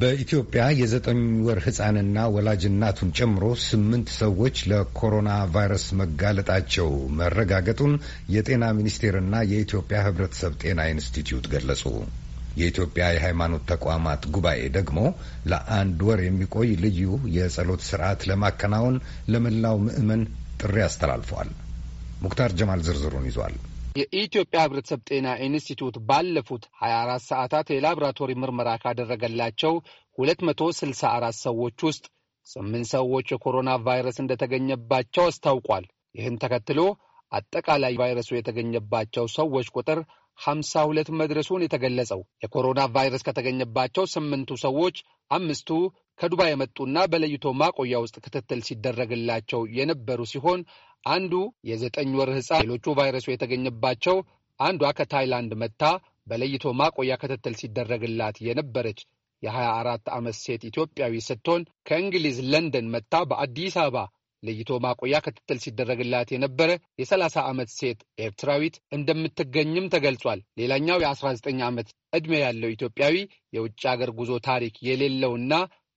በኢትዮጵያ የዘጠኝ ወር ህፃንና ወላጅ እናቱን ጨምሮ ስምንት ሰዎች ለኮሮና ቫይረስ መጋለጣቸው መረጋገጡን የጤና ሚኒስቴርና የኢትዮጵያ ህብረተሰብ ጤና ኢንስቲትዩት ገለጹ። የኢትዮጵያ የሃይማኖት ተቋማት ጉባኤ ደግሞ ለአንድ ወር የሚቆይ ልዩ የጸሎት ስርዓት ለማከናወን ለመላው ምዕመን ጥሪ አስተላልፏል። ሙክታር ጀማል ዝርዝሩን ይዟል። የኢትዮጵያ ሕብረተሰብ ጤና ኢንስቲትዩት ባለፉት 24 ሰዓታት የላቦራቶሪ ምርመራ ካደረገላቸው 264 ሰዎች ውስጥ ስምንት ሰዎች የኮሮና ቫይረስ እንደተገኘባቸው አስታውቋል። ይህን ተከትሎ አጠቃላይ ቫይረሱ የተገኘባቸው ሰዎች ቁጥር 52 መድረሱን የተገለጸው የኮሮና ቫይረስ ከተገኘባቸው ስምንቱ ሰዎች አምስቱ ከዱባይ የመጡና በለይቶ ማቆያ ውስጥ ክትትል ሲደረግላቸው የነበሩ ሲሆን አንዱ የዘጠኝ ወር ህፃን፣ ሌሎቹ ቫይረሱ የተገኘባቸው አንዷ ከታይላንድ መጥታ በለይቶ ማቆያ ክትትል ሲደረግላት የነበረች የ24 ዓመት ሴት ኢትዮጵያዊ ስትሆን ከእንግሊዝ ለንደን መጥታ በአዲስ አበባ ለይቶ ማቆያ ክትትል ሲደረግላት የነበረ የ30 ዓመት ሴት ኤርትራዊት እንደምትገኝም ተገልጿል። ሌላኛው የ19 ዓመት ዕድሜ ያለው ኢትዮጵያዊ የውጭ አገር ጉዞ ታሪክ የሌለውና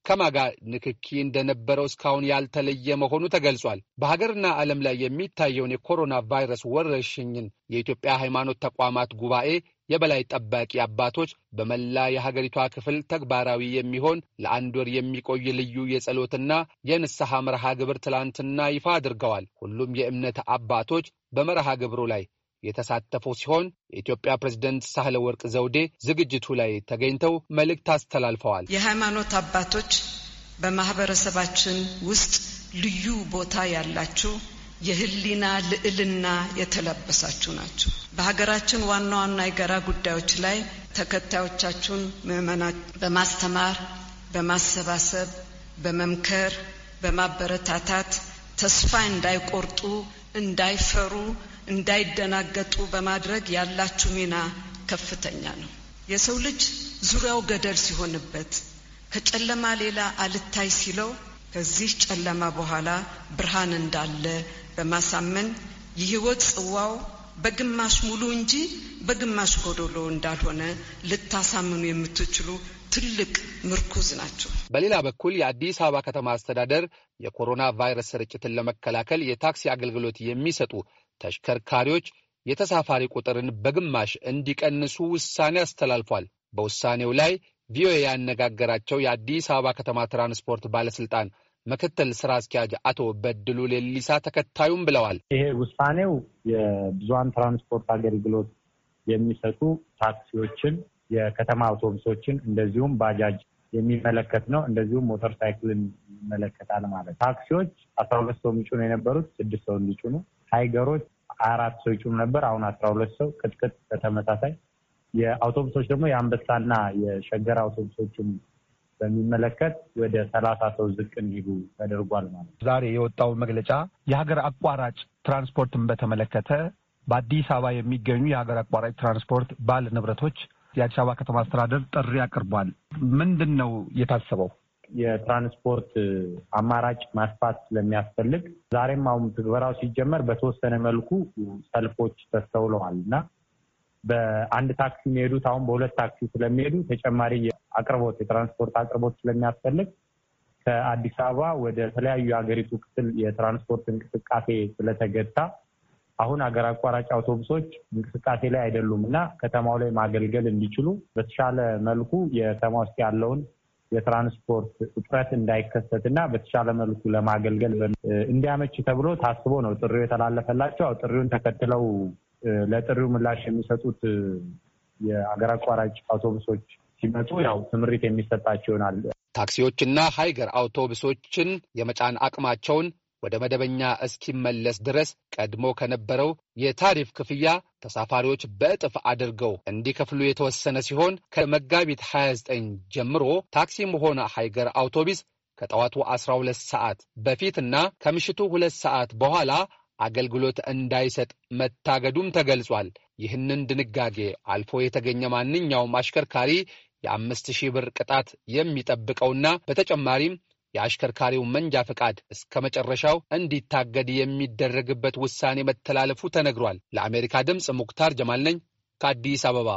ከማጋ ንክኪ እንደነበረው እስካሁን ያልተለየ መሆኑ ተገልጿል። በሀገርና ዓለም ላይ የሚታየውን የኮሮና ቫይረስ ወረርሽኝን የኢትዮጵያ ሃይማኖት ተቋማት ጉባኤ የበላይ ጠባቂ አባቶች በመላ የሀገሪቷ ክፍል ተግባራዊ የሚሆን ለአንድ ወር የሚቆይ ልዩ የጸሎትና የንስሐ መርሃ ግብር ትላንትና ይፋ አድርገዋል። ሁሉም የእምነት አባቶች በመርሃ ግብሩ ላይ የተሳተፉ ሲሆን የኢትዮጵያ ፕሬዝደንት ሳህለ ወርቅ ዘውዴ ዝግጅቱ ላይ ተገኝተው መልእክት አስተላልፈዋል። የሃይማኖት አባቶች በማህበረሰባችን ውስጥ ልዩ ቦታ ያላችሁ የህሊና ልዕልና የተለበሳችሁ ናችሁ። በሀገራችን ዋና ዋና የጋራ ጉዳዮች ላይ ተከታዮቻችሁን ምዕመናን በማስተማር፣ በማሰባሰብ፣ በመምከር፣ በማበረታታት ተስፋ እንዳይቆርጡ፣ እንዳይፈሩ፣ እንዳይደናገጡ በማድረግ ያላችሁ ሚና ከፍተኛ ነው። የሰው ልጅ ዙሪያው ገደል ሲሆንበት ከጨለማ ሌላ አልታይ ሲለው ከዚህ ጨለማ በኋላ ብርሃን እንዳለ በማሳመን የህይወት ጽዋው በግማሽ ሙሉ እንጂ በግማሽ ጎዶሎ እንዳልሆነ ልታሳምኑ የምትችሉ ትልቅ ምርኩዝ ናቸው። በሌላ በኩል የአዲስ አበባ ከተማ አስተዳደር የኮሮና ቫይረስ ስርጭትን ለመከላከል የታክሲ አገልግሎት የሚሰጡ ተሽከርካሪዎች የተሳፋሪ ቁጥርን በግማሽ እንዲቀንሱ ውሳኔ አስተላልፏል። በውሳኔው ላይ ቪኦኤ ያነጋገራቸው የአዲስ አበባ ከተማ ትራንስፖርት ባለስልጣን ምክትል ስራ አስኪያጅ አቶ በድሉ ሌሊሳ ተከታዩም ብለዋል። ይሄ ውሳኔው የብዙሀን ትራንስፖርት አገልግሎት የሚሰጡ ታክሲዎችን፣ የከተማ አውቶቡሶችን እንደዚሁም ባጃጅ የሚመለከት ነው። እንደዚሁም ሞተር ሳይክልን ይመለከታል ማለት ታክሲዎች አስራ ሁለት ሰው የሚጭኑ የነበሩት ስድስት ሰው እንዲጭኑ፣ ሀይገሮች ሀያ አራት ሰው ይጭኑ ነበር፣ አሁን አስራ ሁለት ሰው፣ ቅጥቅጥ በተመሳሳይ የአውቶቡሶች ደግሞ የአንበሳና የሸገር አውቶቡሶችን በሚመለከት ወደ ሰላሳ ሰው ዝቅ እንዲሉ ተደርጓል ማለት ነው። ዛሬ የወጣው መግለጫ የሀገር አቋራጭ ትራንስፖርትን በተመለከተ በአዲስ አበባ የሚገኙ የሀገር አቋራጭ ትራንስፖርት ባለ ንብረቶች የአዲስ አበባ ከተማ አስተዳደር ጥሪ አቅርቧል። ምንድን ነው የታሰበው? የትራንስፖርት አማራጭ ማስፋት ስለሚያስፈልግ ዛሬም አሁን ትግበራው ሲጀመር በተወሰነ መልኩ ሰልፎች ተስተውለዋል እና በአንድ ታክሲ የሚሄዱት አሁን በሁለት ታክሲ ስለሚሄዱ ተጨማሪ አቅርቦት የትራንስፖርት አቅርቦት ስለሚያስፈልግ ከአዲስ አበባ ወደ ተለያዩ የሀገሪቱ ክፍል የትራንስፖርት እንቅስቃሴ ስለተገታ አሁን አገር አቋራጭ አውቶቡሶች እንቅስቃሴ ላይ አይደሉም እና ከተማው ላይ ማገልገል እንዲችሉ በተሻለ መልኩ የከተማ ውስጥ ያለውን የትራንስፖርት እጥረት እንዳይከሰት እና በተሻለ መልኩ ለማገልገል እንዲያመች ተብሎ ታስቦ ነው ጥሪው የተላለፈላቸው። ጥሪውን ተከትለው ለጥሪው ምላሽ የሚሰጡት የአገር አቋራጭ አውቶቡሶች ሲመጡ ያው ትምሪት የሚሰጣቸው ይሆናል። ታክሲዎችና ሀይገር አውቶቡሶችን የመጫን አቅማቸውን ወደ መደበኛ እስኪመለስ ድረስ ቀድሞ ከነበረው የታሪፍ ክፍያ ተሳፋሪዎች በእጥፍ አድርገው እንዲከፍሉ የተወሰነ ሲሆን ከመጋቢት 29 ጀምሮ ታክሲም ሆነ ሃይገር አውቶቢስ ከጠዋቱ 12 ሰዓት በፊትና ከምሽቱ 2 ሰዓት በኋላ አገልግሎት እንዳይሰጥ መታገዱም ተገልጿል። ይህንን ድንጋጌ አልፎ የተገኘ ማንኛውም አሽከርካሪ የአምስት ሺህ ብር ቅጣት የሚጠብቀውና በተጨማሪም የአሽከርካሪው መንጃ ፈቃድ እስከ መጨረሻው እንዲታገድ የሚደረግበት ውሳኔ መተላለፉ ተነግሯል። ለአሜሪካ ድምፅ ሙክታር ጀማል ነኝ ከአዲስ አበባ።